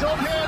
He's up here.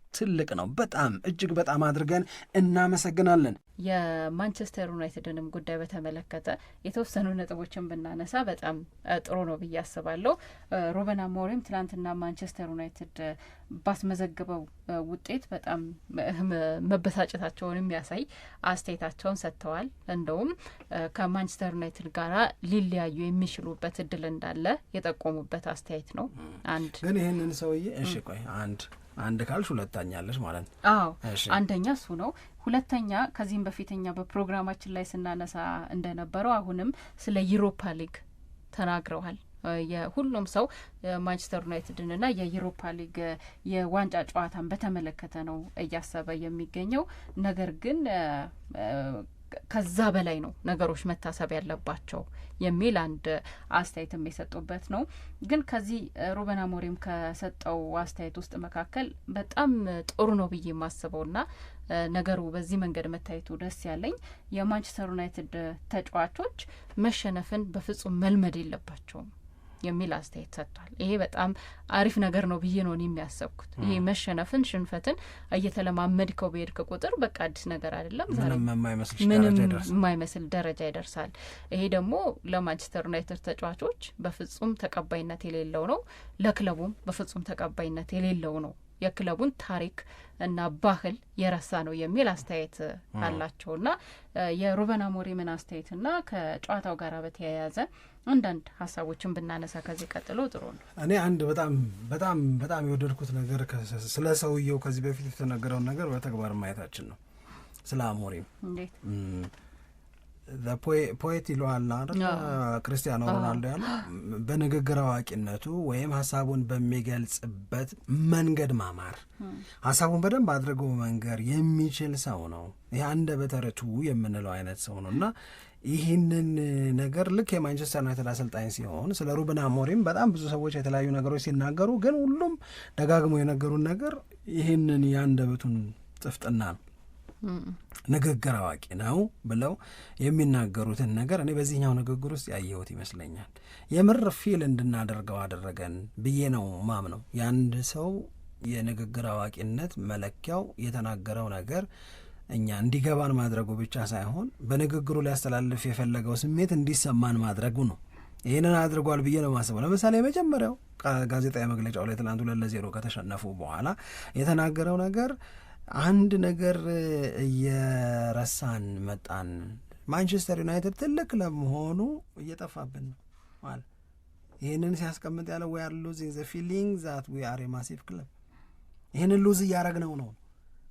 ትልቅ ነው። በጣም እጅግ በጣም አድርገን እናመሰግናለን። የማንቸስተር ዩናይትድንም ጉዳይ በተመለከተ የተወሰኑ ነጥቦችን ብናነሳ በጣም ጥሩ ነው ብዬ አስባለሁ። ሩበን አሞሪም ትናንትና ማንቸስተር ዩናይትድ ባስመዘግበው ውጤት በጣም መበሳጨታቸውን የሚያሳይ አስተያየታቸውን ሰጥተዋል። እንደውም ከማንቸስተር ዩናይትድ ጋር ሊለያዩ የሚችሉበት እድል እንዳለ የጠቆሙበት አስተያየት ነው። አንድ ግን ይህንን ሰውዬ እሺ ቆይ አንድ አንድ ካልሽ ሁለተኛለች ማለት ነው። አዎ አንደኛ እሱ ነው። ሁለተኛ ከዚህም በፊተኛ በፕሮግራማችን ላይ ስናነሳ እንደነበረው አሁንም ስለ ዩሮፓ ሊግ ተናግረዋል። የሁሉም ሰው ማንቸስተር ዩናይትድንና የዩሮፓ ሊግ የዋንጫ ጨዋታን በተመለከተ ነው እያሰበ የሚገኘው ነገር ግን ከዛ በላይ ነው ነገሮች መታሰብ ያለባቸው የሚል አንድ አስተያየትም የሰጡበት ነው። ግን ከዚህ ሩበን አሞሪም ከሰጠው አስተያየት ውስጥ መካከል በጣም ጥሩ ነው ብዬ የማስበውና ነገሩ በዚህ መንገድ መታየቱ ደስ ያለኝ የማንቸስተር ዩናይትድ ተጫዋቾች መሸነፍን በፍጹም መልመድ የለባቸውም። የሚል አስተያየት ሰጥቷል። ይሄ በጣም አሪፍ ነገር ነው ብዬ ነው የሚያሰብኩት። ይሄ መሸነፍን ሽንፈትን እየተለማመድከው በሄድክ ቁጥር በቃ አዲስ ነገር አይደለም፣ ምንም የማይመስል ደረጃ ይደርሳል። ይሄ ደግሞ ለማንቸስተር ዩናይትድ ተጫዋቾች በፍጹም ተቀባይነት የሌለው ነው፣ ለክለቡም በፍጹም ተቀባይነት የሌለው ነው የክለቡን ታሪክ እና ባህል የረሳ ነው የሚል አስተያየት አላቸው። ና የሩበን አሞሪምን አስተያየት ና ከጨዋታው ጋር በተያያዘ አንዳንድ ሀሳቦችን ብናነሳ ከዚህ ቀጥሎ ጥሩ ነው። እኔ አንድ በጣም በጣም በጣም የወደድኩት ነገር ስለ ሰውየው ከዚህ በፊት የተነገረውን ነገር በተግባር ማየታችን ነው። ስለ አሞሪም እንዴት ፖኤት ይለዋል አይደል ክርስቲያኖ ሮናልዶ ያለ በንግግር አዋቂነቱ ወይም ሀሳቡን በሚገልጽበት መንገድ ማማር ሀሳቡን በደንብ አድርጎ መንገር የሚችል ሰው ነው። ይህ አንደበተ በተረቱ የምንለው አይነት ሰው ነው እና ይህንን ነገር ልክ የማንቸስተር ዩናይትድ አሰልጣኝ ሲሆን ስለ ሩበን አሞሪም በጣም ብዙ ሰዎች የተለያዩ ነገሮች ሲናገሩ፣ ግን ሁሉም ደጋግሞ የነገሩን ነገር ይህንን የአንደበቱን ጥፍጥና ነው። ንግግር አዋቂ ነው ብለው የሚናገሩትን ነገር እኔ በዚህኛው ንግግር ውስጥ ያየሁት ይመስለኛል። የምር ፊል እንድናደርገው አደረገን ብዬ ነው ማም ነው የአንድ ሰው የንግግር አዋቂነት መለኪያው የተናገረው ነገር እኛ እንዲገባን ማድረጉ ብቻ ሳይሆን በንግግሩ ሊያስተላልፍ የፈለገው ስሜት እንዲሰማን ማድረጉ ነው። ይህንን አድርጓል ብዬ ነው ማስበው። ለምሳሌ የመጀመሪያው ጋዜጣዊ መግለጫው ላይ ትናንት ሁለት ለዜሮ ከተሸነፉ በኋላ የተናገረው ነገር አንድ ነገር እየረሳን መጣን። ማንቸስተር ዩናይትድ ትልቅ ለመሆኑ እየጠፋብን ነው ማለት ይህንን ሲያስቀምጥ ያለው ዊ አር ሉዚንግ ዘ ፊሊንግ ዛት ዊ አር ማሲቭ ክለብ፣ ይህንን ሉዝ እያረግነው ነው።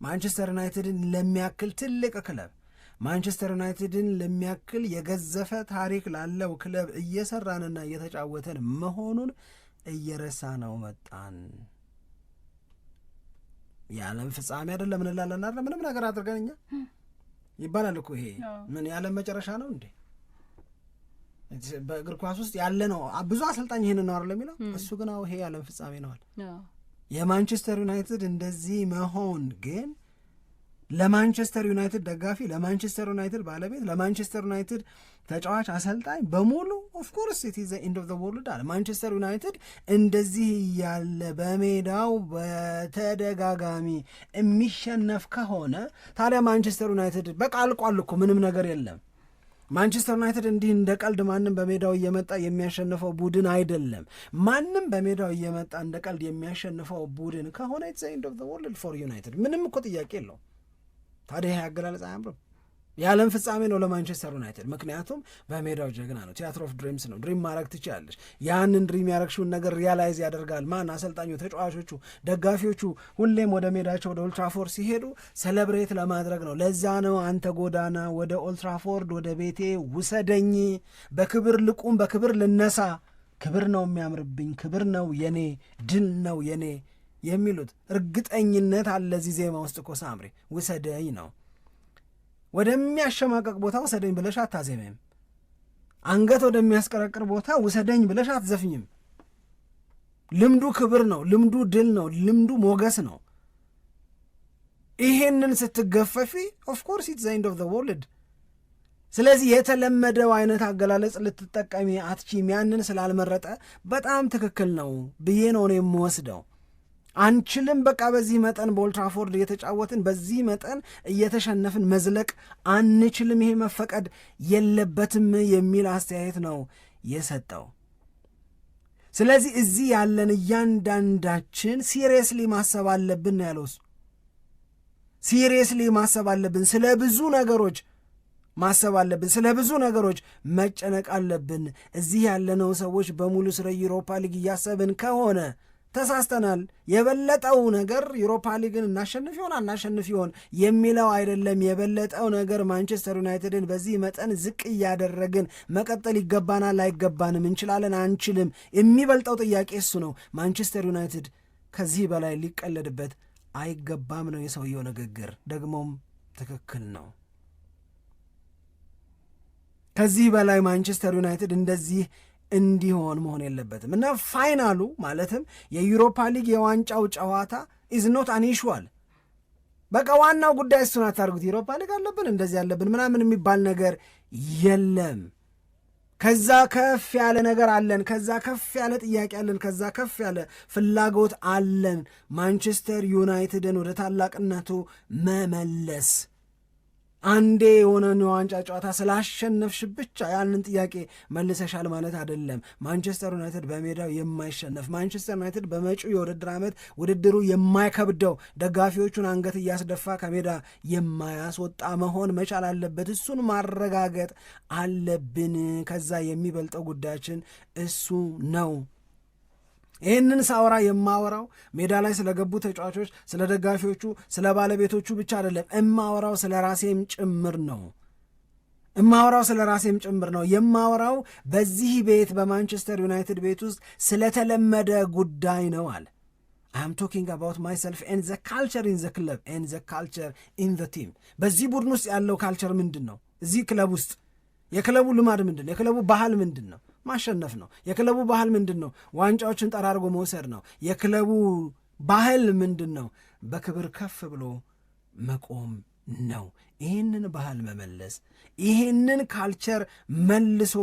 ማንቸስተር ዩናይትድን ለሚያክል ትልቅ ክለብ፣ ማንቸስተር ዩናይትድን ለሚያክል የገዘፈ ታሪክ ላለው ክለብ እየሰራንና እየተጫወተን መሆኑን እየረሳ ነው መጣን። የዓለም ፍጻሜ አይደለም እንላለን አለ ምንም ነገር አድርገን እኛ ይባላል እኮ ይሄ ምን የዓለም መጨረሻ ነው እንዴ? በእግር ኳስ ውስጥ ያለ ነው። ብዙ አሰልጣኝ ይህን ነው አለ የሚለው። እሱ ግን አሁ ይሄ የዓለም ፍጻሜ ነዋል። የማንቸስተር ዩናይትድ እንደዚህ መሆን ግን ለማንቸስተር ዩናይትድ ደጋፊ፣ ለማንቸስተር ዩናይትድ ባለቤት፣ ለማንቸስተር ዩናይትድ ተጫዋች፣ አሰልጣኝ በሙሉ ኦፍኮርስ ኢት ዘ ኢንድ ኦፍ ዘ ወርልድ አለ። ማንቸስተር ዩናይትድ እንደዚህ እያለ በሜዳው በተደጋጋሚ የሚሸነፍ ከሆነ ታዲያ ማንቸስተር ዩናይትድ በቃ አልቋል እኮ ምንም ነገር የለም። ማንቸስተር ዩናይትድ እንዲህ እንደ ቀልድ ማንም በሜዳው እየመጣ የሚያሸንፈው ቡድን አይደለም። ማንም በሜዳው እየመጣ እንደ ቀልድ የሚያሸንፈው ቡድን ከሆነ ዘ ኢንድ ኦፍ ዘ ወርልድ ፎር ዩናይትድ ምንም እኮ ጥያቄ የለው። ታዲያ ይህ አገላለጽ አያምርም። የዓለም ፍጻሜ ነው ለማንቸስተር ዩናይትድ። ምክንያቱም በሜዳው ጀግና ነው። ቲያትር ኦፍ ድሪምስ ነው። ድሪም ማድረግ ትችላለች። ያንን ድሪም ያደረግሽውን ነገር ሪያላይዝ ያደርጋል። ማን አሰልጣኙ፣ ተጫዋቾቹ፣ ደጋፊዎቹ ሁሌም ወደ ሜዳቸው ወደ ኦልትራፎርድ ሲሄዱ ሰለብሬት ለማድረግ ነው። ለዛ ነው አንተ ጎዳና ወደ ኦልትራፎርድ ወደ ቤቴ ውሰደኝ፣ በክብር ልቁም፣ በክብር ልነሳ፣ ክብር ነው የሚያምርብኝ፣ ክብር ነው የኔ፣ ድል ነው የኔ የሚሉት እርግጠኝነት አለ እዚህ ዜማ ውስጥ እኮ ውሰደኝ ነው ወደሚያሸማቀቅ ቦታ ውሰደኝ ብለሽ አታዜምም። አንገት ወደሚያስቀረቅር ቦታ ውሰደኝ ብለሽ አትዘፍኝም። ልምዱ ክብር ነው። ልምዱ ድል ነው። ልምዱ ሞገስ ነው። ይሄንን ስትገፈፊ ኦፍኮርስ ኢትስ ኤንድ ኦፍ ዘ ወርልድ። ስለዚህ የተለመደው አይነት አገላለጽ ልትጠቀሚ አትችም። ያንን ስላልመረጠ በጣም ትክክል ነው ብዬ ነው ነው የምወስደው። አንችልም። በቃ በዚህ መጠን በኦልትራፎርድ እየተጫወትን በዚህ መጠን እየተሸነፍን መዝለቅ አንችልም፣ ይሄ መፈቀድ የለበትም የሚል አስተያየት ነው የሰጠው። ስለዚህ እዚህ ያለን እያንዳንዳችን ሲሪየስሊ ማሰብ አለብን ነው ያለው። ሲሪየስሊ ማሰብ አለብን፣ ስለ ብዙ ነገሮች ማሰብ አለብን፣ ስለ ብዙ ነገሮች መጨነቅ አለብን። እዚህ ያለነው ሰዎች በሙሉ ስለ ዩሮፓ ሊግ እያሰብን ከሆነ ተሳስተናል። የበለጠው ነገር ዩሮፓ ሊግን እናሸንፍ ይሆን አናሸንፍ ይሆን የሚለው አይደለም። የበለጠው ነገር ማንቸስተር ዩናይትድን በዚህ መጠን ዝቅ እያደረግን መቀጠል ይገባናል አይገባንም፣ እንችላለን አንችልም፣ የሚበልጠው ጥያቄ እሱ ነው። ማንቸስተር ዩናይትድ ከዚህ በላይ ሊቀለድበት አይገባም ነው የሰውየው ንግግር። ደግሞም ትክክል ነው። ከዚህ በላይ ማንቸስተር ዩናይትድ እንደዚህ እንዲሆን መሆን የለበትም እና ፋይናሉ ማለትም የዩሮፓ ሊግ የዋንጫው ጨዋታ ኢዝ ኖት በቃ ዋናው ጉዳይ እሱን አታርጉት። ዩሮፓ ሊግ አለብን እንደዚህ አለብን ምናምን የሚባል ነገር የለም። ከዛ ከፍ ያለ ነገር አለን፣ ከዛ ከፍ ያለ ጥያቄ አለን፣ ከዛ ከፍ ያለ ፍላጎት አለን ማንቸስተር ዩናይትድን ወደ ታላቅነቱ መመለስ አንዴ የሆነን የዋንጫ ጨዋታ ስላሸነፍሽ ብቻ ያንን ጥያቄ መልሰሻል ማለት አይደለም። ማንቸስተር ዩናይትድ በሜዳው የማይሸነፍ ማንቸስተር ዩናይትድ በመጪው የውድድር ዓመት ውድድሩ የማይከብደው ደጋፊዎቹን አንገት እያስደፋ ከሜዳ የማያስወጣ መሆን መቻል አለበት። እሱን ማረጋገጥ አለብን። ከዛ የሚበልጠው ጉዳያችን እሱ ነው። ይህንን ሳወራ የማወራው ሜዳ ላይ ስለገቡ ተጫዋቾች፣ ስለ ደጋፊዎቹ፣ ስለ ባለቤቶቹ ብቻ አይደለም። እማወራው ስለ ራሴም ጭምር ነው። እማወራው ስለ ራሴም ጭምር ነው። የማወራው በዚህ ቤት በማንቸስተር ዩናይትድ ቤት ውስጥ ስለተለመደ ጉዳይ ነው አለ አም ቶኪንግ አባውት ማይሰልፍ ኤን ዘ ካልቸር ኢን ዘ ክለብ ኤን ዘ ካልቸር ኢን ዘ ቲም። በዚህ ቡድን ውስጥ ያለው ካልቸር ምንድን ነው? እዚህ ክለብ ውስጥ የክለቡ ልማድ ምንድን ነው? የክለቡ ባህል ምንድን ነው? ማሸነፍ ነው። የክለቡ ባህል ምንድን ነው? ዋንጫዎችን ጠራርጎ መውሰድ ነው። የክለቡ ባህል ምንድን ነው? በክብር ከፍ ብሎ መቆም ነው። ይህንን ባህል መመለስ፣ ይህንን ካልቸር መልሶ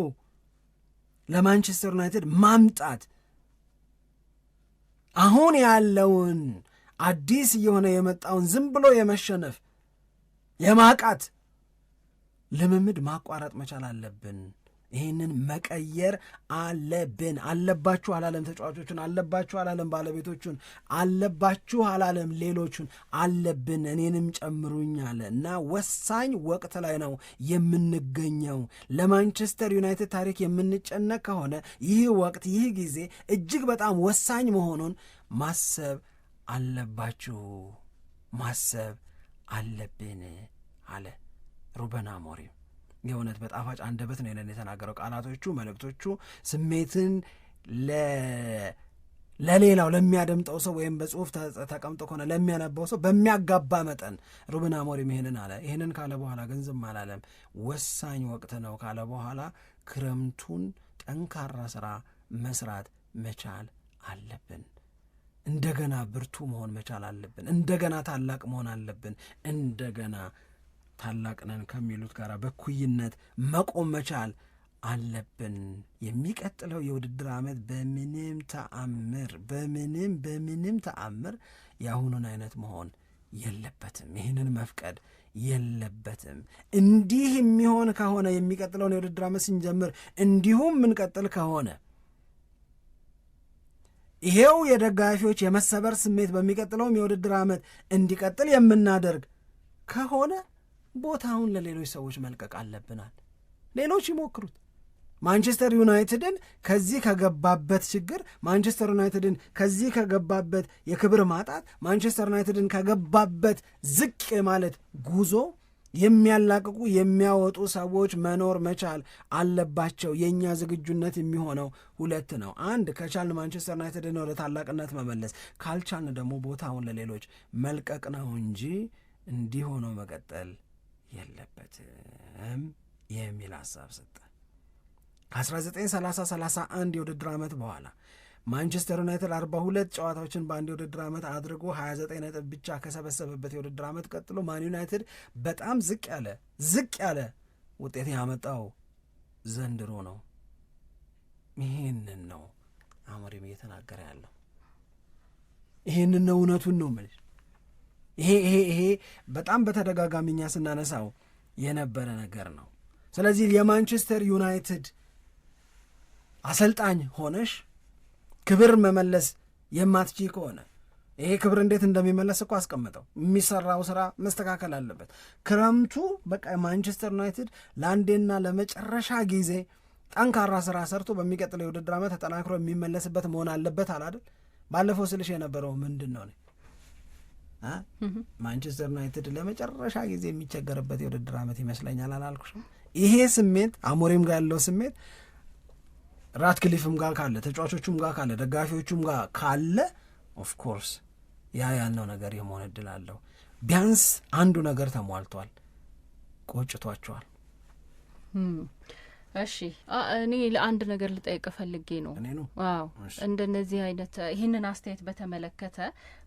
ለማንቸስተር ዩናይትድ ማምጣት አሁን ያለውን አዲስ እየሆነ የመጣውን ዝም ብሎ የመሸነፍ የማቃት ልምምድ ማቋረጥ መቻል አለብን። ይህንን መቀየር አለብን። አለባችሁ አላለም ተጫዋቾቹን፣ አለባችሁ አላለም ባለቤቶቹን፣ አለባችሁ አላለም ሌሎቹን፣ አለብን እኔንም ጨምሩኝ አለ እና ወሳኝ ወቅት ላይ ነው የምንገኘው። ለማንቸስተር ዩናይትድ ታሪክ የምንጨነቅ ከሆነ ይህ ወቅት ይህ ጊዜ እጅግ በጣም ወሳኝ መሆኑን ማሰብ አለባችሁ ማሰብ አለብን አለ ሩበን አሞሪም። የእውነት በጣፋጭ አንደበት ነው ይንን የተናገረው። ቃላቶቹ፣ መልእክቶቹ ስሜትን ለሌላው ለሚያደምጠው ሰው ወይም በጽሁፍ ተቀምጦ ከሆነ ለሚያነባው ሰው በሚያጋባ መጠን ሩበን አሞሪም ይህንን አለ። ይህንን ካለ በኋላ ግን ዝም አላለም። ወሳኝ ወቅት ነው ካለ በኋላ ክረምቱን ጠንካራ ስራ መስራት መቻል አለብን። እንደገና ብርቱ መሆን መቻል አለብን። እንደገና ታላቅ መሆን አለብን። እንደገና ታላቅ ነን ከሚሉት ጋር በኩይነት መቆም መቻል አለብን። የሚቀጥለው የውድድር ዓመት በምንም ተአምር በምንም በምንም ተአምር የአሁኑን አይነት መሆን የለበትም። ይህንን መፍቀድ የለበትም። እንዲህ የሚሆን ከሆነ የሚቀጥለውን የውድድር ዓመት ስንጀምር እንዲሁም ምንቀጥል ከሆነ ይሄው የደጋፊዎች የመሰበር ስሜት በሚቀጥለውም የውድድር ዓመት እንዲቀጥል የምናደርግ ከሆነ ቦታውን ለሌሎች ሰዎች መልቀቅ አለብናል። ሌሎች ይሞክሩት። ማንቸስተር ዩናይትድን ከዚህ ከገባበት ችግር ማንቸስተር ዩናይትድን ከዚህ ከገባበት የክብር ማጣት ማንቸስተር ዩናይትድን ከገባበት ዝቅ ማለት ጉዞ የሚያላቅቁ የሚያወጡ ሰዎች መኖር መቻል አለባቸው። የእኛ ዝግጁነት የሚሆነው ሁለት ነው። አንድ ከቻልን ማንቸስተር ዩናይትድን ወደ ታላቅነት መመለስ፣ ካልቻልን ደግሞ ቦታውን ለሌሎች መልቀቅ ነው እንጂ እንዲህ ሆኖ መቀጠል የለበትም የሚል ሀሳብ ሰጠ። ከ1930/31 የውድድር ዓመት በኋላ ማንቸስተር ዩናይትድ 42 ጨዋታዎችን በአንድ የውድድር ዓመት አድርጎ 29 ነጥብ ብቻ ከሰበሰበበት የውድድር ዓመት ቀጥሎ ማን ዩናይትድ በጣም ዝቅ ያለ ዝቅ ያለ ውጤት ያመጣው ዘንድሮ ነው። ይህንን ነው አሞሪም እየተናገረ ያለው። ይህንን ነው እውነቱን ነው የምልሽ ይሄ ይሄ ይሄ በጣም በተደጋጋሚ እኛ ስናነሳው የነበረ ነገር ነው። ስለዚህ የማንቸስተር ዩናይትድ አሰልጣኝ ሆነሽ ክብር መመለስ የማትቺ ከሆነ ይሄ ክብር እንዴት እንደሚመለስ እኮ አስቀምጠው። የሚሰራው ስራ መስተካከል አለበት። ክረምቱ በቃ ማንቸስተር ዩናይትድ ለአንዴና ለመጨረሻ ጊዜ ጠንካራ ስራ ሰርቶ በሚቀጥለው የውድድር ዓመት ተጠናክሮ የሚመለስበት መሆን አለበት። አላደል ባለፈው ስልሽ የነበረው ምንድን ነው? ማንቸስተር ዩናይትድ ለመጨረሻ ጊዜ የሚቸገርበት የውድድር ዓመት ይመስለኛል። አላልኩሽም? ይሄ ስሜት አሞሪም ጋር ያለው ስሜት ራትክሊፍም ጋር ካለ፣ ተጫዋቾቹም ጋር ካለ፣ ደጋፊዎቹም ጋር ካለ ኦፍኮርስ ያ ያለው ነገር የመሆን እድል አለው። ቢያንስ አንዱ ነገር ተሟልቷል። ቆጭቷቸዋል። እሺ እኔ ለአንድ ነገር ልጠይቅ ፈልጌ ነው። እኔ ነው ዋው እንደነዚህ አይነት ይህንን አስተያየት በተመለከተ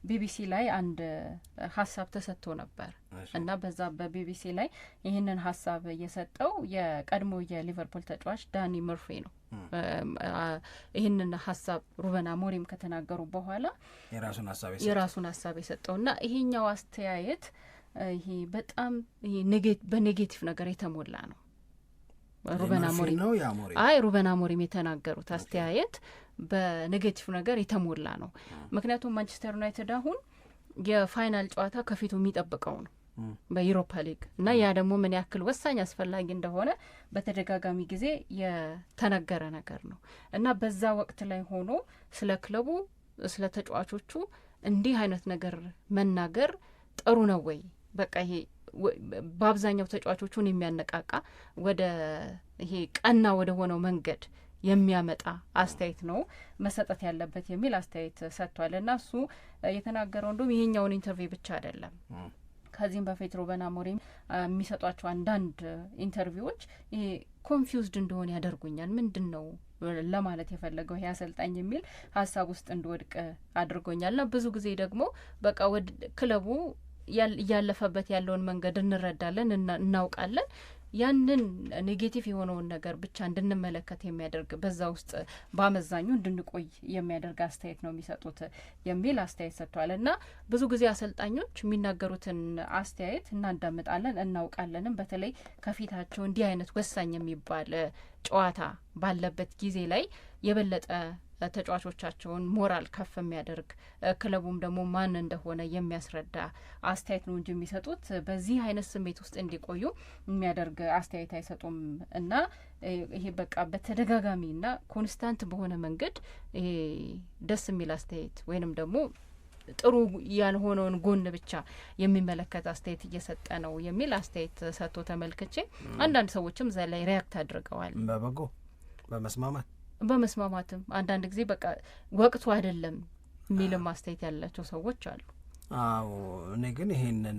ቢቢሲ ላይ አንድ ሀሳብ ተሰጥቶ ነበር እና በዛ በቢቢሲ ላይ ይህንን ሀሳብ የሰጠው የቀድሞ የሊቨርፑል ተጫዋች ዳኒ ምርፌ ነው። ይህንን ሀሳብ ሩበን አሞሪም ከተናገሩ በኋላ የራሱን ሀሳብ የሰጠው እና ይሄኛው አስተያየት ይሄ በጣም በኔጌቲቭ ነገር የተሞላ ነው ሩበን አሞሪም አይ ሩበን አሞሪም የተናገሩት አስተያየት በኔጌቲቭ ነገር የተሞላ ነው። ምክንያቱም ማንቸስተር ዩናይትድ አሁን የፋይናል ጨዋታ ከፊቱ የሚጠብቀው ነው በዩሮፓ ሊግ እና ያ ደግሞ ምን ያክል ወሳኝ አስፈላጊ እንደሆነ በተደጋጋሚ ጊዜ የተነገረ ነገር ነው እና በዛ ወቅት ላይ ሆኖ ስለ ክለቡ፣ ስለ ተጫዋቾቹ እንዲህ አይነት ነገር መናገር ጥሩ ነው ወይ? በቃ ይሄ በአብዛኛው ተጫዋቾቹን የሚያነቃቃ ወደ ይሄ ቀና ወደ ሆነው መንገድ የሚያመጣ አስተያየት ነው መሰጠት ያለበት የሚል አስተያየት ሰጥቷል። እና እሱ የተናገረው እንዲሁም ይሄኛውን ኢንተርቪው ብቻ አይደለም ከዚህም በፊት ሩበን አሞሪም የሚሰጧቸው አንዳንድ ኢንተርቪዎች ይሄ ኮንፊውዝድ እንደሆነ ያደርጉኛል፣ ምንድን ነው ለማለት የፈለገው ይሄ አሰልጣኝ የሚል ሀሳብ ውስጥ እንድወድቅ አድርጎኛል። እና ብዙ ጊዜ ደግሞ በቃ ወደ ክለቡ እያለፈበት ያለውን መንገድ እንረዳለን፣ እናውቃለን። ያንን ኔጌቲቭ የሆነውን ነገር ብቻ እንድንመለከት የሚያደርግ በዛ ውስጥ በአመዛኙ እንድንቆይ የሚያደርግ አስተያየት ነው የሚሰጡት የሚል አስተያየት ሰጥቷል። እና ብዙ ጊዜ አሰልጣኞች የሚናገሩትን አስተያየት እናዳምጣለን፣ እናውቃለንም። በተለይ ከፊታቸው እንዲህ አይነት ወሳኝ የሚባል ጨዋታ ባለበት ጊዜ ላይ የበለጠ ተጫዋቾቻቸውን ሞራል ከፍ የሚያደርግ ክለቡም ደግሞ ማን እንደሆነ የሚያስረዳ አስተያየት ነው እንጂ የሚሰጡት በዚህ አይነት ስሜት ውስጥ እንዲቆዩ የሚያደርግ አስተያየት አይሰጡም እና ይሄ በቃ በተደጋጋሚ እና ኮንስታንት በሆነ መንገድ ይሄ ደስ የሚል አስተያየት ወይንም ደግሞ ጥሩ ያልሆነውን ጎን ብቻ የሚመለከት አስተያየት እየሰጠ ነው የሚል አስተያየት ሰጥቶ ተመልክቼ አንዳንድ ሰዎችም እዛ ላይ ሪያክት አድርገዋል። በበጎ በመስማማት በመስማማትም አንዳንድ ጊዜ በቃ ወቅቱ አይደለም የሚልም አስተያየት ያላቸው ሰዎች አሉ። አዎ እኔ ግን ይሄንን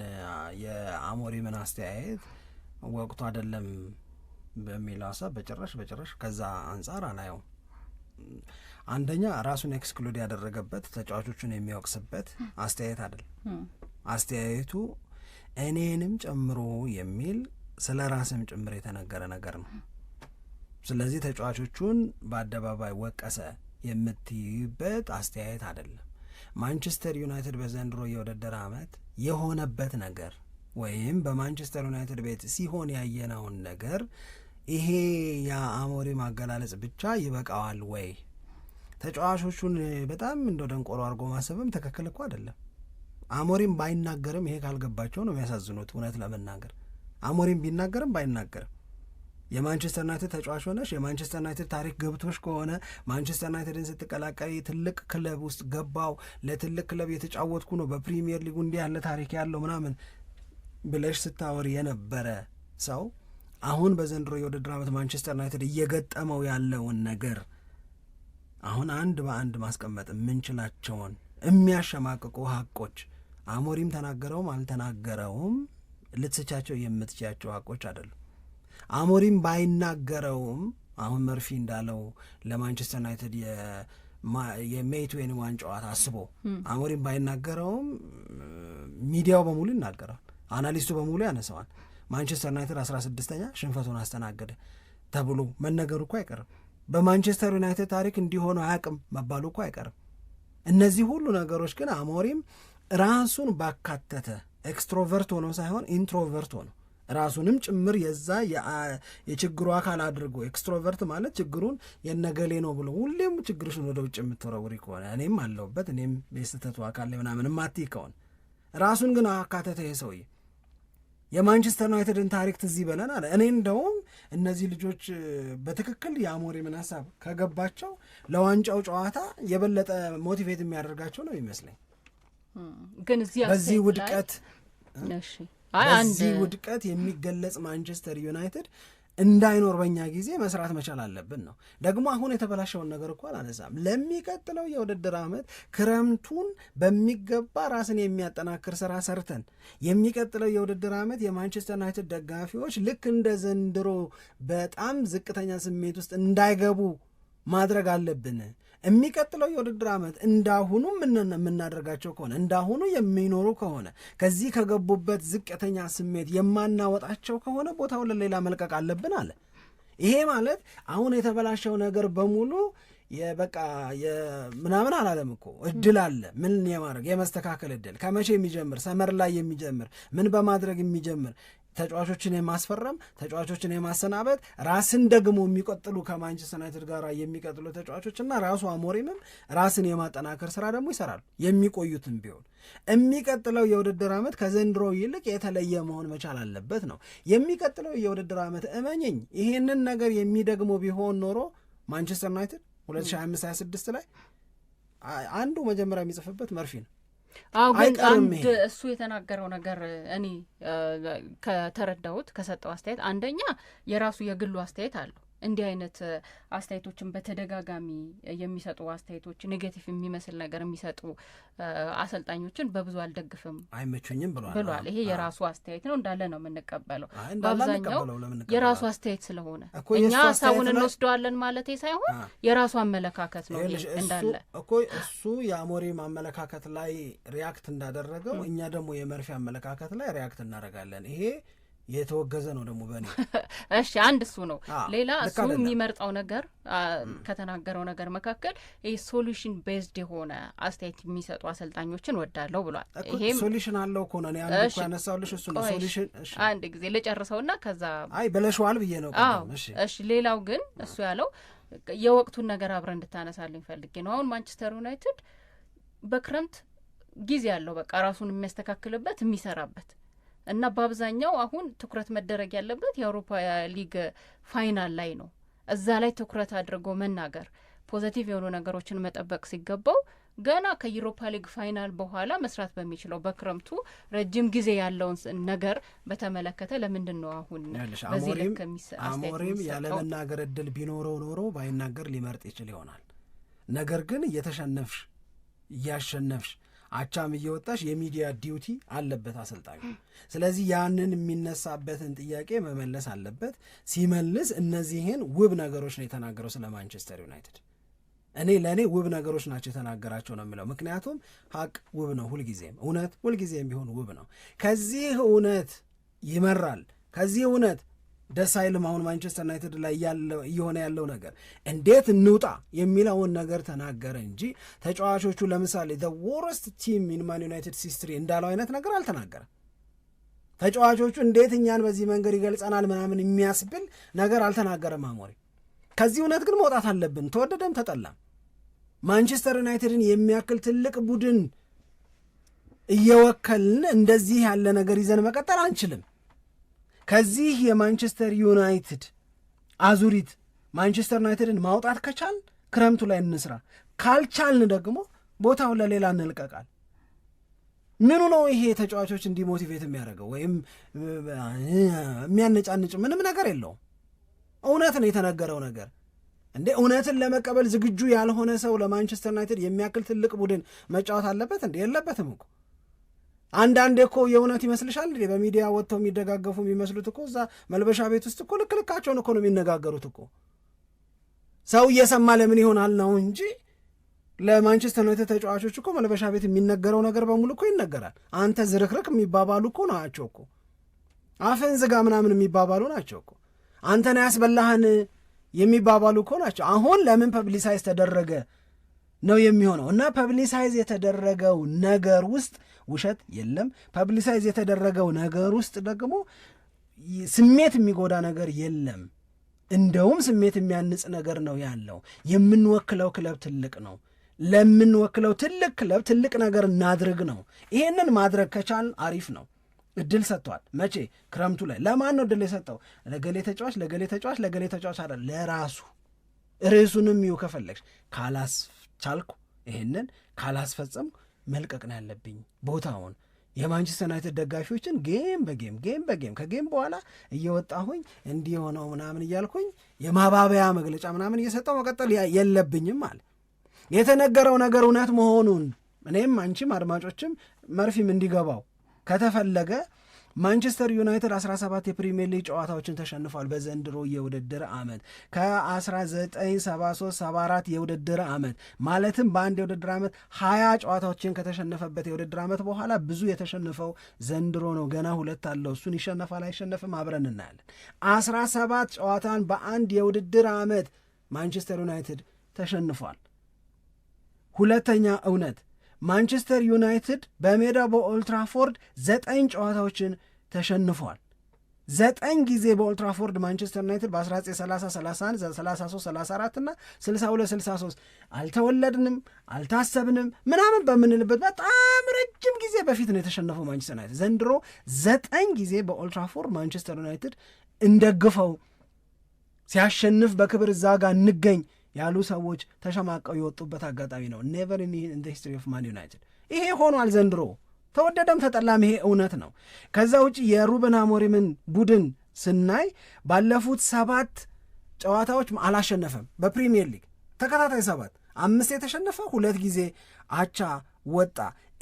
የአሞሪምን አስተያየት ወቅቱ አይደለም በሚለው ሀሳብ በጭራሽ በጭራሽ ከዛ አንጻር አላየው አንደኛ ራሱን ኤክስክሉድ ያደረገበት ተጫዋቾቹን የሚወቅስበት አስተያየት አይደለም። አስተያየቱ እኔንም ጨምሮ የሚል ስለ ራስም ጭምር የተነገረ ነገር ነው። ስለዚህ ተጫዋቾቹን በአደባባይ ወቀሰ የምትይበት አስተያየት አይደለም። ማንቸስተር ዩናይትድ በዘንድሮ የውድድር ዓመት የሆነበት ነገር ወይም በማንቸስተር ዩናይትድ ቤት ሲሆን ያየነውን ነገር ይሄ የአሞሪ ማገላለጽ ብቻ ይበቃዋል ወይ? ተጫዋቾቹን በጣም እንደ ደንቆሮ አድርጎ ማሰብም ትክክል እኮ አይደለም። አሞሪም ባይናገርም ይሄ ካልገባቸው ነው የሚያሳዝኑት። እውነት ለመናገር አሞሪም ቢናገርም ባይናገርም የማንቸስተር ዩናይትድ ተጫዋች ሆነሽ የማንቸስተር ዩናይትድ ታሪክ ገብቶሽ ከሆነ ማንቸስተር ዩናይትድን ስትቀላቀይ ትልቅ ክለብ ውስጥ ገባው፣ ለትልቅ ክለብ የተጫወትኩ ነው፣ በፕሪሚየር ሊጉ እንዲህ ያለ ታሪክ ያለው ምናምን ብለሽ ስታወር የነበረ ሰው አሁን በዘንድሮ የውድድር ዓመት ማንቸስተር ዩናይትድ እየገጠመው ያለውን ነገር አሁን አንድ በአንድ ማስቀመጥ የምንችላቸውን የሚያሸማቅቁ ሀቆች አሞሪም ተናገረውም አልተናገረውም ልትስቻቸው የምትችያቸው ሀቆች አይደሉም። አሞሪም ባይናገረውም አሁን መርፊ እንዳለው ለማንቸስተር ዩናይትድ የሜት ዌን ዋን ጨዋታ አስቦ አሞሪም ባይናገረውም ሚዲያው በሙሉ ይናገራል፣ አናሊስቱ በሙሉ ያነሰዋል። ማንቸስተር ዩናይትድ አስራ ስድስተኛ ሽንፈቱን አስተናገደ ተብሎ መነገሩ እኮ አይቀርም። በማንቸስተር ዩናይትድ ታሪክ እንዲሆነ አያውቅም መባሉ እኮ አይቀርም። እነዚህ ሁሉ ነገሮች ግን አሞሪም ራሱን ባካተተ ኤክስትሮቨርት ሆኖ ሳይሆን ኢንትሮቨርት ሆነው ራሱንም ጭምር የዛ የችግሩ አካል አድርጎ ኤክስትሮቨርት ማለት ችግሩን የነገሌ ነው ብሎ ሁሌም ችግርሽን ወደ ውጭ የምትወረውሪ ከሆነ እኔም አለሁበት እኔም የስህተቱ አካል ላይ ማቲ ከሆን ራሱን ግን አካተተ ሰው ሰውዬ። የማንቸስተር ዩናይትድን ታሪክ ትዝ ይበለን አለ። እኔ እንደውም እነዚህ ልጆች በትክክል የአሞሪምን ሀሳብ ከገባቸው ለዋንጫው ጨዋታ የበለጠ ሞቲቬት የሚያደርጋቸው ነው ይመስለኝ። ግን እዚህ በዚህ ውድቀት በዚህ ውድቀት የሚገለጽ ማንቸስተር ዩናይትድ እንዳይኖር በኛ ጊዜ መስራት መቻል አለብን ነው። ደግሞ አሁን የተበላሸውን ነገር እኮ አላነሳም። ለሚቀጥለው የውድድር ዓመት ክረምቱን በሚገባ ራስን የሚያጠናክር ስራ ሰርተን የሚቀጥለው የውድድር ዓመት የማንቸስተር ዩናይትድ ደጋፊዎች ልክ እንደ ዘንድሮ በጣም ዝቅተኛ ስሜት ውስጥ እንዳይገቡ ማድረግ አለብን። የሚቀጥለው የውድድር ዓመት እንዳሁኑ የምናደርጋቸው ከሆነ እንዳሁኑ የሚኖሩ ከሆነ ከዚህ ከገቡበት ዝቅተኛ ስሜት የማናወጣቸው ከሆነ ቦታውን ለሌላ መልቀቅ አለብን አለ። ይሄ ማለት አሁን የተበላሸው ነገር በሙሉ የበቃ ምናምን አላለም እኮ እድል አለ። ምን የማድረግ የመስተካከል እድል ከመቼ የሚጀምር ሰመር ላይ የሚጀምር ምን በማድረግ የሚጀምር ተጫዋቾችን የማስፈረም ተጫዋቾችን የማሰናበት ራስን ደግሞ የሚቀጥሉ ከማንቸስተር ዩናይትድ ጋር የሚቀጥሉ ተጫዋቾችና ራሱ አሞሪምም ራስን የማጠናከር ስራ ደግሞ ይሰራሉ። የሚቆዩትም ቢሆን የሚቀጥለው የውድድር ዓመት ከዘንድሮ ይልቅ የተለየ መሆን መቻል አለበት ነው የሚቀጥለው የውድድር ዓመት እመኘኝ ይሄንን ነገር የሚደግሞ ቢሆን ኖሮ ማንቸስተር ዩናይትድ 2025/26 ላይ አንዱ መጀመሪያ የሚጽፍበት መርፊ ነው። አዎ ግን አንድ እሱ የተናገረው ነገር እኔ ከተረዳሁት ከሰጠው አስተያየት አንደኛ የራሱ የግሉ አስተያየት አለው እንዲህ አይነት አስተያየቶችን በተደጋጋሚ የሚሰጡ አስተያየቶች ኔጌቲቭ የሚመስል ነገር የሚሰጡ አሰልጣኞችን በብዙ አልደግፍም፣ አይመቹኝም ብሏል። ይሄ የራሱ አስተያየት ነው እንዳለ ነው የምንቀበለው። በአብዛኛው የራሱ አስተያየት ስለሆነ እኛ ሀሳቡን እንወስደዋለን ማለት ሳይሆን የራሱ አመለካከት ነው እንዳለ እኮ እሱ የአሞሪም አመለካከት ላይ ሪያክት እንዳደረገው እኛ ደግሞ የመርፌ አመለካከት ላይ ሪያክት እናደርጋለን ይሄ የተወገዘ ነው ደግሞ በእኔ። እሺ አንድ እሱ ነው። ሌላ እሱ የሚመርጠው ነገር ከተናገረው ነገር መካከል ይህ ሶሉሽን ቤዝድ የሆነ አስተያየት የሚሰጡ አሰልጣኞችን ወዳለው ብሏል። ይሄም ሶሉሽን አለው እኮ ነው ያነሳሁልሽ እሱ ነው ሶሉሽን። አንድ ጊዜ ና ከዛ አይ በለሸዋል ብዬ ነው። እሺ ሌላው ግን እሱ ያለው የወቅቱን ነገር አብረ እንድታነሳልኝ ፈልጌ ነው። አሁን ማንቸስተር ዩናይትድ በክረምት ጊዜ ያለው በቃ ራሱን የሚያስተካክልበት የሚሰራበት እና በአብዛኛው አሁን ትኩረት መደረግ ያለበት የአውሮፓ ሊግ ፋይናል ላይ ነው። እዛ ላይ ትኩረት አድርጎ መናገር ፖዘቲቭ የሆኑ ነገሮችን መጠበቅ ሲገባው ገና ከዩሮፓ ሊግ ፋይናል በኋላ መስራት በሚችለው በክረምቱ ረጅም ጊዜ ያለውን ነገር በተመለከተ ለምንድን ነው አሁን በዚህ ልክ አሞሪም ያለመናገር እድል ቢኖረው ኖሮ ባይናገር ሊመርጥ ይችል ይሆናል። ነገር ግን እየተሸነፍሽ እያሸነፍሽ አቻም እየወጣሽ የሚዲያ ዲዩቲ አለበት አሰልጣኙ። ስለዚህ ያንን የሚነሳበትን ጥያቄ መመለስ አለበት። ሲመልስ እነዚህን ውብ ነገሮች ነው የተናገረው ስለ ማንቸስተር ዩናይትድ። እኔ ለእኔ ውብ ነገሮች ናቸው የተናገራቸው ነው የሚለው ምክንያቱም ሀቅ ውብ ነው፣ ሁልጊዜም እውነት ሁልጊዜም ቢሆን ውብ ነው። ከዚህ እውነት ይመራል ከዚህ እውነት ደስ አይልም። አሁን ማንቸስተር ዩናይትድ ላይ እየሆነ ያለው ነገር እንዴት እንውጣ የሚለውን ነገር ተናገረ እንጂ ተጫዋቾቹ ለምሳሌ ዘ ወርስት ቲም ኢን ማን ዩናይትድ ሲስትሪ እንዳለው አይነት ነገር አልተናገረም። ተጫዋቾቹ እንዴት እኛን በዚህ መንገድ ይገልጸናል ምናምን የሚያስብል ነገር አልተናገረም አሞሪ። ከዚህ እውነት ግን መውጣት አለብን፣ ተወደደም ተጠላም ማንቸስተር ዩናይትድን የሚያክል ትልቅ ቡድን እየወከልን እንደዚህ ያለ ነገር ይዘን መቀጠል አንችልም። ከዚህ የማንቸስተር ዩናይትድ አዙሪት ማንቸስተር ዩናይትድን ማውጣት ከቻል ክረምቱ ላይ እንስራ፣ ካልቻልን ደግሞ ቦታውን ለሌላ እንልቀቃል። ምኑ ነው ይሄ ተጫዋቾች እንዲሞቲቬት የሚያደርገው ወይም የሚያነጫንጭ ምንም ነገር የለውም። እውነት ነው የተነገረው ነገር እንዴ እውነትን ለመቀበል ዝግጁ ያልሆነ ሰው ለማንቸስተር ዩናይትድ የሚያክል ትልቅ ቡድን መጫወት አለበት እንዴ? የለበትም እኮ አንዳንዴ እኮ የእውነት ይመስልሻል እ በሚዲያ ወጥተው የሚደጋገፉ የሚመስሉት እኮ እዛ መልበሻ ቤት ውስጥ እኮ ልክ ልካቸውን እኮ ነው የሚነጋገሩት እኮ ሰው እየሰማ ለምን ይሆናል ነው እንጂ ለማንቸስተር ዩናይትድ ተጫዋቾች እኮ መልበሻ ቤት የሚነገረው ነገር በሙሉ እኮ ይነገራል። አንተ ዝርክርክ የሚባባሉ እኮ ናቸው እኮ አፍን ዝጋ ምናምን የሚባባሉ ናቸው እኮ አንተን ያስበላህን የሚባባሉ እኮ ናቸው። አሁን ለምን ፐብሊሳይዝ ተደረገ ነው የሚሆነው እና ፐብሊሳይዝ የተደረገው ነገር ውስጥ ውሸት የለም። ፐብሊሳይዝ የተደረገው ነገር ውስጥ ደግሞ ስሜት የሚጎዳ ነገር የለም። እንደውም ስሜት የሚያንጽ ነገር ነው ያለው። የምንወክለው ክለብ ትልቅ ነው። ለምንወክለው ትልቅ ክለብ ትልቅ ነገር እናድርግ ነው። ይሄንን ማድረግ ከቻል አሪፍ ነው። እድል ሰጥቷል። መቼ ክረምቱ ላይ ለማን ነው እድል የሰጠው? ለገሌ ተጫዋች፣ ለገሌ ተጫዋች፣ ለገሌ ተጫዋች አለ ለራሱ ርዕሱንም ይው ከፈለግሽ ካላስቻልኩ ይሄንን ካላስፈጸምኩ መልቀቅ ነው ያለብኝ ቦታውን የማንቸስተር ዩናይትድ ደጋፊዎችን ጌም በጌም ጌም በጌም ከጌም በኋላ እየወጣሁኝ እንዲህ የሆነው ምናምን እያልኩኝ የማባበያ መግለጫ ምናምን እየሰጠው መቀጠል የለብኝም አለ። የተነገረው ነገር እውነት መሆኑን እኔም አንቺም አድማጮችም መርፊም እንዲገባው ከተፈለገ ማንቸስተር ዩናይትድ 17 የፕሪምየር ሊግ ጨዋታዎችን ተሸንፏል። በዘንድሮ የውድድር ዓመት ከ1973/74 የውድድር ዓመት ማለትም በአንድ የውድድር ዓመት 20 ጨዋታዎችን ከተሸነፈበት የውድድር ዓመት በኋላ ብዙ የተሸነፈው ዘንድሮ ነው። ገና ሁለት አለው። እሱን ይሸነፋል አይሸነፍም አብረን እናያለን። 17 ጨዋታን በአንድ የውድድር ዓመት ማንቸስተር ዩናይትድ ተሸንፏል። ሁለተኛ እውነት ማንቸስተር ዩናይትድ በሜዳ በኦልትራፎርድ ዘጠኝ ጨዋታዎችን ተሸንፏል። ዘጠኝ ጊዜ በኦልትራፎርድ ማንቸስተር ዩናይትድ በ1930 31 33 34 እና 62 63 አልተወለድንም አልታሰብንም ምናምን በምንልበት በጣም ረጅም ጊዜ በፊት ነው የተሸነፈው ማንቸስተር ዩናይትድ። ዘንድሮ ዘጠኝ ጊዜ በኦልትራፎርድ ማንቸስተር ዩናይትድ እንደግፈው ሲያሸንፍ በክብር እዛ ጋር እንገኝ ያሉ ሰዎች ተሸማቀው የወጡበት አጋጣሚ ነው። ኔቨር ኢን ሂስትሪ ኦፍ ማን ዩናይትድ ይሄ ሆኗል ዘንድሮ ተወደደም ተጠላም ይሄ እውነት ነው። ከዛ ውጭ የሩበን አሞሪምን ቡድን ስናይ ባለፉት ሰባት ጨዋታዎች አላሸነፈም። በፕሪሚየር ሊግ ተከታታይ ሰባት አምስት የተሸነፈ ሁለት ጊዜ አቻ ወጣ።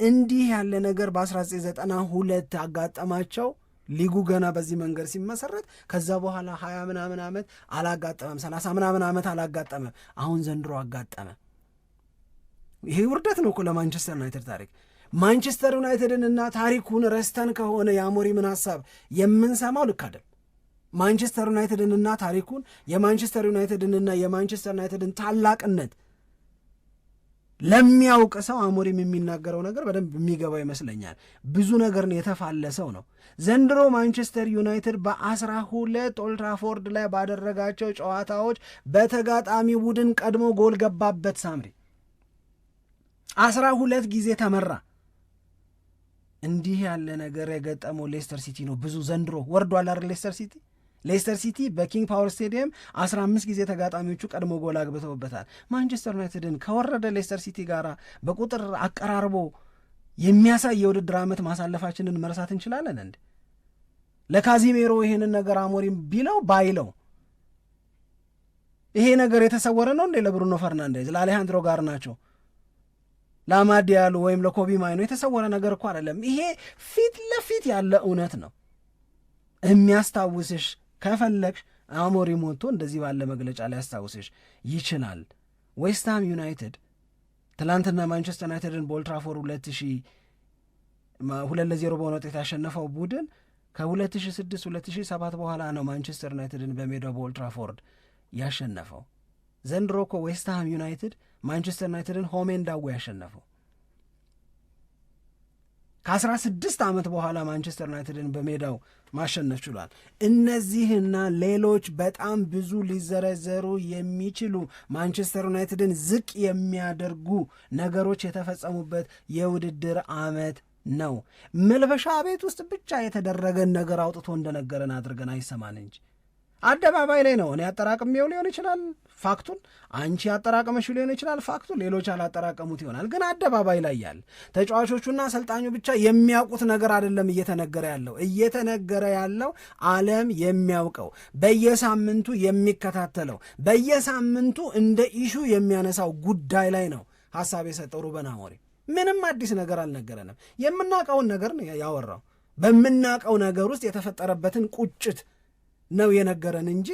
እንዲህ ያለ ነገር በ1992 አጋጠማቸው ሊጉ ገና በዚህ መንገድ ሲመሰረት ከዛ በኋላ ሀያ ምናምን ዓመት አላጋጠመም፣ ሰላሳ ምናምን ዓመት አላጋጠመም። አሁን ዘንድሮ አጋጠመ። ይሄ ውርደት ነው እኮ ለማንቸስተር ዩናይትድ ታሪክ። ማንቸስተር ዩናይትድን እና ታሪኩን ረስተን ከሆነ የአሞሪምን ሀሳብ የምንሰማው ልክ አይደል። ማንቸስተር ዩናይትድንና ታሪኩን የማንቸስተር ዩናይትድንና የማንቸስተር ዩናይትድን ታላቅነት ለሚያውቅ ሰው አሞሪም የሚናገረው ነገር በደንብ የሚገባው ይመስለኛል። ብዙ ነገር የተፋለሰው ነው። ዘንድሮ ማንቸስተር ዩናይትድ በአስራ ሁለት ኦልትራፎርድ ላይ ባደረጋቸው ጨዋታዎች በተጋጣሚ ቡድን ቀድሞ ጎል ገባበት። ሳምሪ አስራ ሁለት ጊዜ ተመራ። እንዲህ ያለ ነገር የገጠመው ሌስተር ሲቲ ነው። ብዙ ዘንድሮ ወርዷል አይደል ሌስተር ሲቲ ሌስተር ሲቲ በኪንግ ፓወር ስቴዲየም 15 ጊዜ ተጋጣሚዎቹ ቀድሞ ጎል አግብተውበታል። ማንቸስተር ዩናይትድን ከወረደ ሌስተር ሲቲ ጋር በቁጥር አቀራርቦ የሚያሳይ የውድድር ዓመት ማሳለፋችንን መርሳት እንችላለን እንዴ? ለካዚሜሮ ይሄንን ነገር አሞሪም ቢለው ባይለው ይሄ ነገር የተሰወረ ነው እንዴ? ለብሩኖ ፈርናንዴዝ ለአሌሃንድሮ ጋር ናቸው ለአማድ ያሉ ወይም ለኮቢ ማይኖ የተሰወረ ነገር እኮ አይደለም። ይሄ ፊት ለፊት ያለ እውነት ነው። የሚያስታውስሽ ከፈለግሽ አሞሪ ሞቶ እንደዚህ ባለ መግለጫ ሊያስታውስሽ ይችላል። ዌስትሃም ዩናይትድ ትላንትና ማንቸስተር ዩናይትድን በኦልትራፎር ሁለት ሺ ሁለት ለዜሮ በሆነ ውጤት ያሸነፈው ቡድን ከ2006 2007 በኋላ ነው ማንቸስተር ዩናይትድን በሜዳው በኦልትራፎርድ ያሸነፈው። ዘንድሮ እኮ ዌስትሃም ዩናይትድ ማንቸስተር ዩናይትድን ሆሜን ዳዊ ያሸነፈው ከ16 ዓመት በኋላ ማንቸስተር ዩናይትድን በሜዳው ማሸነፍ ችሏል። እነዚህና ሌሎች በጣም ብዙ ሊዘረዘሩ የሚችሉ ማንቸስተር ዩናይትድን ዝቅ የሚያደርጉ ነገሮች የተፈጸሙበት የውድድር ዓመት ነው። መልበሻ ቤት ውስጥ ብቻ የተደረገን ነገር አውጥቶ እንደነገረን አድርገን አይሰማን እንጂ አደባባይ ላይ ነው። እኔ አጠራቅሜው ሊሆን ይችላል ፋክቱን፣ አንቺ አጠራቅመሽው ሊሆን ይችላል ፋክቱን፣ ሌሎች አላጠራቀሙት ይሆናል። ግን አደባባይ ላይ ያለ ተጫዋቾቹና አሰልጣኙ ብቻ የሚያውቁት ነገር አይደለም እየተነገረ ያለው እየተነገረ ያለው ዓለም የሚያውቀው በየሳምንቱ የሚከታተለው በየሳምንቱ እንደ ኢሹ የሚያነሳው ጉዳይ ላይ ነው ሀሳብ የሰጠው ሩበን አሞሪም። ምንም አዲስ ነገር አልነገረንም። የምናውቀውን ነገር ነው ያወራው። በምናውቀው ነገር ውስጥ የተፈጠረበትን ቁጭት ነው የነገረን እንጂ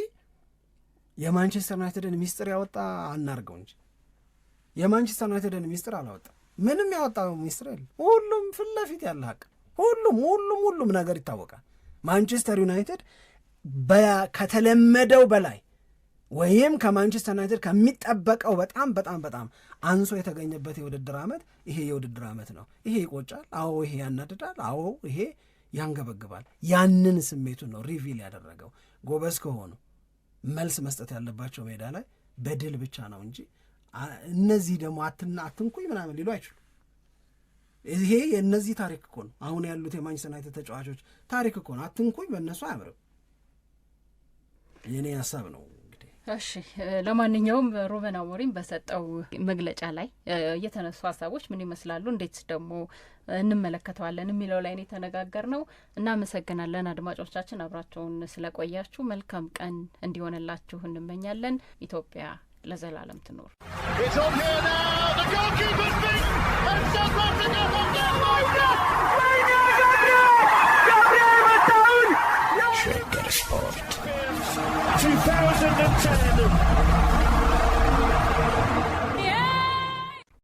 የማንቸስተር ዩናይትድን ሚስጥር ያወጣ አናርገው እንጂ የማንቸስተር ዩናይትድን ሚስጥር አላወጣም። ምንም ያወጣው ሚስጥር የለ። ሁሉም ፊት ለፊት ያለ ሀቅ ሁሉም ሁሉም ሁሉም ነገር ይታወቃል። ማንቸስተር ዩናይትድ ከተለመደው በላይ ወይም ከማንቸስተር ዩናይትድ ከሚጠበቀው በጣም በጣም በጣም አንሶ የተገኘበት የውድድር ዓመት ይሄ የውድድር ዓመት ነው። ይሄ ይቆጫል፣ አዎ፣ ይሄ ያናድዳል፣ አዎ፣ ይሄ ያንገበግባል። ያንን ስሜቱን ነው ሪቪል ያደረገው። ጎበዝ ከሆኑ መልስ መስጠት ያለባቸው ሜዳ ላይ በድል ብቻ ነው እንጂ እነዚህ ደግሞ አትና አትንኩኝ ምናምን ሊሉ አይችሉ ይሄ የእነዚህ ታሪክ እኮ ነው። አሁን ያሉት የማንችስተር ዩናይትድ ተጫዋቾች ታሪክ እኮ ነው። አትንኩኝ በእነሱ አያምርም። የእኔ ሀሳብ ነው። እሺ ለማንኛውም ሩበን አሞሪም በሰጠው መግለጫ ላይ የተነሱ ሀሳቦች ምን ይመስላሉ፣ እንዴት ደግሞ እንመለከተዋለን የሚለው ላይ ነው የተነጋገር ነው። እናመሰግናለን አድማጮቻችን፣ አብራቸውን ስለቆያችሁ መልካም ቀን እንዲሆንላችሁ እንመኛለን። ኢትዮጵያ ለዘላለም ትኖር። 2010.